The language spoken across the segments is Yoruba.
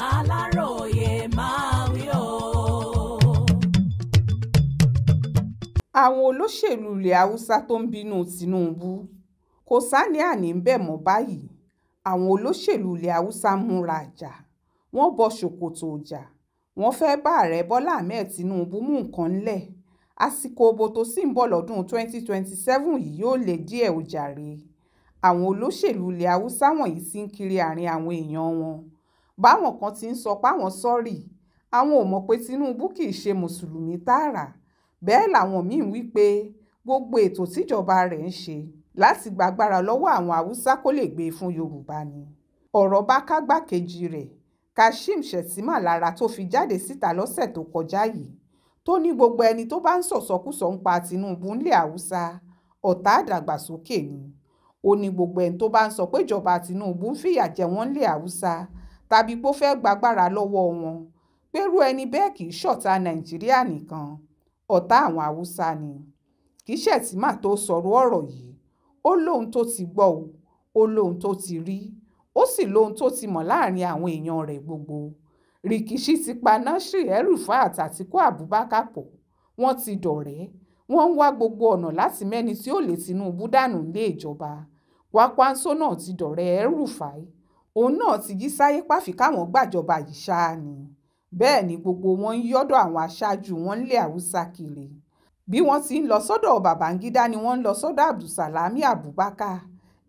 aláròye máa wí o. àwọn olóṣèlú ilẹ̀ haúsá tó ń bínú Tinubu kò sáníàní ń bẹ̀ mọ́ báyìí àwọn olóṣèlú ilẹ̀ haúsá múra jà wọ́n bọ ṣòkòtò ọjà wọ́n fẹ́ bá ààrẹ bọ́lá ahmed tinubu mú nǹkan ńlẹ̀ àsìkò òbò tó sì ń bọ̀ lọ́dún 2027 yìí yóò lè díẹ̀ ò jàre àwọn olóṣèlú ilẹ̀ haúsá wọ̀nyí sì ń kiri àárín àwọn èèyàn wọn báwọn kan ti ń sọ páwọn sọ́ọ̀rì àwọn ò mọ̀ pé Tinubu kì í ṣe mùsùlùmí tààrà bẹ́ẹ̀ làwọn míín wí pé gbogbo ètò tíjọba rẹ̀ ń ṣe láti gbàgbára lọ́wọ́ àwọn haúsá kó lè gbé fún yorùbá ni ọ̀rọ̀ bá kágbákejì rẹ̀ kashim shettima lára tó fi jáde síta lọ́sẹ̀ tó kọjá yìí tó ní gbogbo ẹni tó bá ń sọ̀sọ́kùsọ ń pa tinubu ńlẹ̀ haúsá ọ̀tá àdàgbàsókè ni ó ní gbogbo ẹni tó bá ń sọ péjọba tinubu ń fìyà jẹ wọ́n ńlẹ̀ haúsá tàbí pé ó fẹ́ gbàgbára lọ́wọ́ wọn pẹ̀rú ẹni bẹ́ẹ̀ kì í ṣọ̀tá nàìjíríà nìkan ọ̀tá àwọn haúsá ni kì í ṣètìmá tó sọ̀rọ̀ ọ̀rọ̀ yìí ó lóhun tó ti gbọ́ o ó lóhun tó ti rí ó sì lóhun tó ti mọ̀ láàrin àwọn èèyàn rẹ̀ gbogbo rìkìṣí ti pa násírì ẹrùfáà àtàtìkú àbúbákà pọ̀ wọ́n ti dọ̀rẹ́ wọ́n ń wá gbogbo ọ̀nà láti mẹ́ni tí ó lè Tinubu dànù lé ìjọba kwakwanso náà ti dọ̀rẹ́ ẹrùfáì òun náà ti yí sáyé pàfi káwọn gbàjọba yìí ṣáá ni bẹ́ẹ̀ ni gbogbo wọn ń yọ́dọ̀ àwọn aṣáájú wọn nílẹ̀ haúsá kiri bí wọ́n ti ń lọ sọ́dọ̀ Babangida ni wọ́n ń lọ sọ́dọ̀ Abdulsalami Abubakar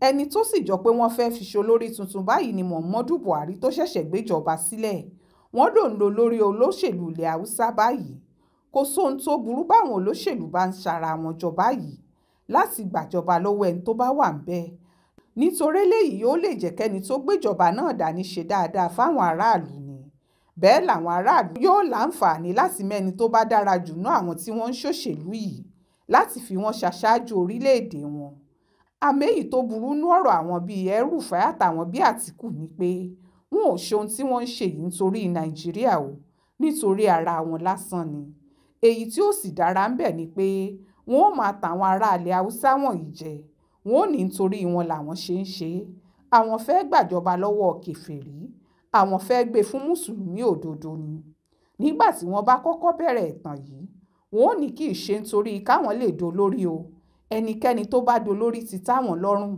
ẹni tó sì jọ pé wọ́n fẹ́ fi ṣolórí tuntun báyìí ni Muhammadu Buhari tó ṣẹ̀ṣẹ̀ gbéjọba sílẹ̀ wọ́n lòun lo lórí olóṣèlú ilẹ̀ haúsá báyìí kò sóhun tó burú báwọn olóṣèlú bá ń ṣara wọn jọ báyìí láti gbàjọba lọ́wọ́ ẹni tó bá wà ń bẹ́ẹ̀ nítorí eléyìí yóò lè jẹ́ kẹ́ni tó gbéjọba náà dání ṣe dáadáa fáwọn aráàlú ni bẹ́ẹ̀ làwọn aráàlú yóò láǹfààní láti mẹ́ni tó bá dára jù náà àwọn tí wọ́n ń ṣòṣèlú yìí láti fi wọ́n ṣaṣáájú orílẹ̀-èdè wọn àmì èyí tó burú nú ọ̀rọ̀ àwọn bíi El-Rufai àtàwọn bíi Àtìkù ni pé wọn ò ṣe ohun tí wọ́n ń ṣe yìí nítorí Nàìjíríà o nítorí ara wọn lásán ni èyí tí ó sì dára ń bẹ̀ ni pé wọn ó máa tàwọn aráàlú Haúsá wọ̀nyí jẹ wọ́n ò ní nítorí wọn làwọn ṣe ń ṣe é àwọn fẹ́ gbàjọba lọ́wọ́ kèfèrí àwọn fẹ́ gbé e fún mùsùlùmí òdodo ni nígbà tí wọ́n bá kọ́kọ́ bẹ̀rẹ̀ ìtàn yìí wọ́n ò ní kì í ṣe nítorí káwọn lè dolórí o ẹnikẹ́ni tó bá dolórí ti táwọn lọ́rùn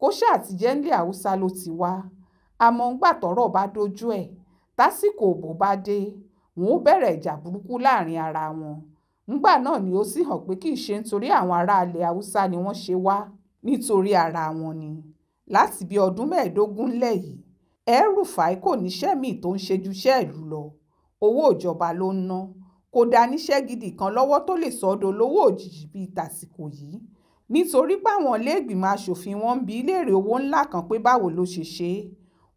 kó ṣáà ti jẹ́ haúsá ló ti wá àmọ́ ńgbà tọ́rọ̀ bá dojú ẹ̀ tásìkò òbò bá dé wọn ó bẹ̀rẹ̀ ìjà burúkú láàrin ara wọn ńgbà náà ni ó sì hàn pé kì í ṣe nítorí àwọn ará ilẹ̀ haúsá ni wọ́n ṣe wá nítorí ara wọn ni láti bí ọdún mẹ́ẹ̀ẹ́dógún lẹ̀ yìí kò níṣẹ́ míì tó ń ṣe ìlú lọ owó ìjọba ló ń ná kò dá níṣẹ́ gidi kan lọ́wọ́ tó lè sọ́dọ̀ lówó òjijì bíi tàsìkò yìí nítorí páwọn iléègbìmọ̀ asòfin wọn ń bi léèrè owó ńlá kan pé báwo ló ṣe ṣe é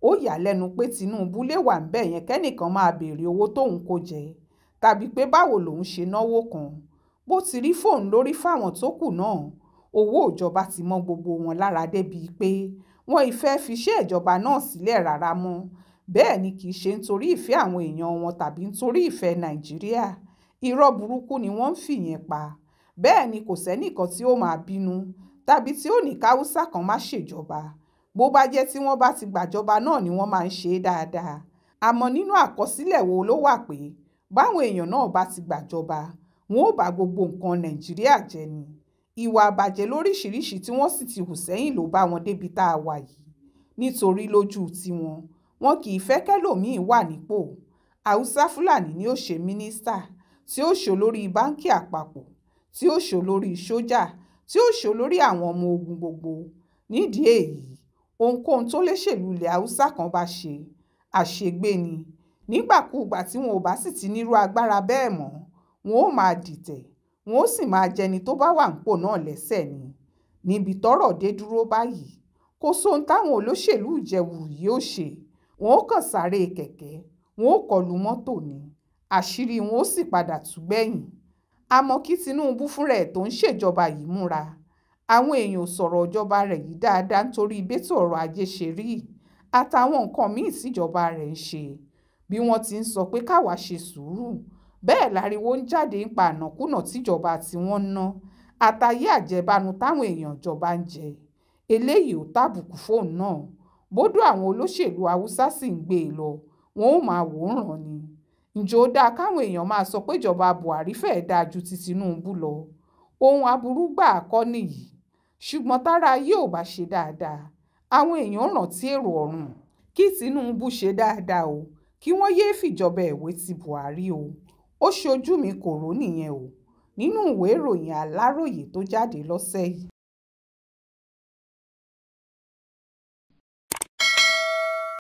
ó yà lẹ́nu pé Tinubu lè wà ń bẹ̀ yẹn kẹ́nìkan máa béèrè owó tóun kò jẹ tàbí pé báwo lòun ṣe náwó kan bó ti rí fóun lórí fáwọn tó kù náà owó ìjọba ti mọ́ gbogbo wọn lára débi pé wọn ìfẹ́ fi iṣẹ́ ìjọba náà sílẹ̀ rárá mọ́ bẹ́ẹ̀ ni kì í ṣe nítorí ìfẹ́ àwọn èèyàn wọn tàbí nítorí ìfẹ́ nàìjíríà irọ́ burúkú ni wọ́n ń fìyẹn pa bẹ́ẹ̀ ni kò sẹ́nìkan tí ó máa bínú tàbí tí ó ní káwúsà kan má ṣèjọba bó bá jẹ́ tí wọ́n bá ti gbàjọba náà ni wọ́n máa ń ṣe é dáadáa àmọ́ nínú àkọsílẹ̀ wo ló wà pé báwọn èèyàn náà bá ti gbàjọba wọn ò bá gbogbo nǹkan nàìjíríà jẹ ni ìwà àbàjẹ́ lóríṣìíríṣìí tí wọ́n sì ti hù sẹ́yìn ló bá wọn débi tá a wà yìí nítorí lójú tiwọn wọn kì í fẹ́ kẹ́lòmíín wà nípò haúsá fúlàní ni ó ṣe mínísítà tí ó ṣolórí báńkì àpapọ̀ tí ó ṣolórí sójà tí ó ṣolórí àwọn ọmọ ogun gbogbo nídìí èyí ohunkóhun tó léṣèlú ilẹ̀ haúsá kan bá ṣe àṣegbé ni nígbàkúùgbà tí wọn ò bá sì ti nírú agbára bẹ́ẹ̀ mọ́ wọn ó máa dìtẹ̀ wọn ó sì máa jẹni tó bá wà nípò náà lẹ́sẹ̀ ni níbi tọ́rọ̀ dé dúró báyìí kò sóhun táwọn olóṣèlú ìjẹ̀wù yìí ó ṣe wọn ó kàn sáré kẹ̀kẹ́ wọn ó kọlu mọ́tò ni àṣírí wọn ó sì padà tú gbẹ̀yìn àmọ́ kí Tinubu fúnra ẹ̀ tó ń ṣèjọba yìí múra àwọn èèyàn sọ̀rọ̀ ìjọba rẹ̀ yìí dáadáa nítorí ìbétò ọrọ̀ ajé ṣe rí àtàwọn nǹkan míì síjọba rẹ̀ ń ṣe bí wọ́n ti ń sọ pé káwa ṣe sùúrù bẹ́ẹ̀ láriwo ń jáde ń pa ànákúnà tíjọba tí wọ́n ń ná àtàyé àjẹbánu táwọn èèyàn ìjọba ń jẹ eléyìí ò tàbùkù fóun náà bódú àwọn olóṣèlú haúsá sì ń gbé e lọ wọn ò máa wòóràn ni ǹjọ́ dáa káwọn èèyàn máa sọ pé ìjọba buhari fẹ́ẹ́ dáa ju ti tinubu lọ ohun aburú gbà kọ́ nìyí ṣùgbọ́n tára ayé ò bá ṣe dáadáa àwọn èèyàn rántí èrò ọ̀run kí tinubu ṣe dáadáa o kí wọ́n yéé fìjọba ẹ̀wé ti buhari o ó ṣojú mi kò nìyẹn o nínú ìwé ìròyìn aláròye tó jáde lọ́sẹ̀ yìí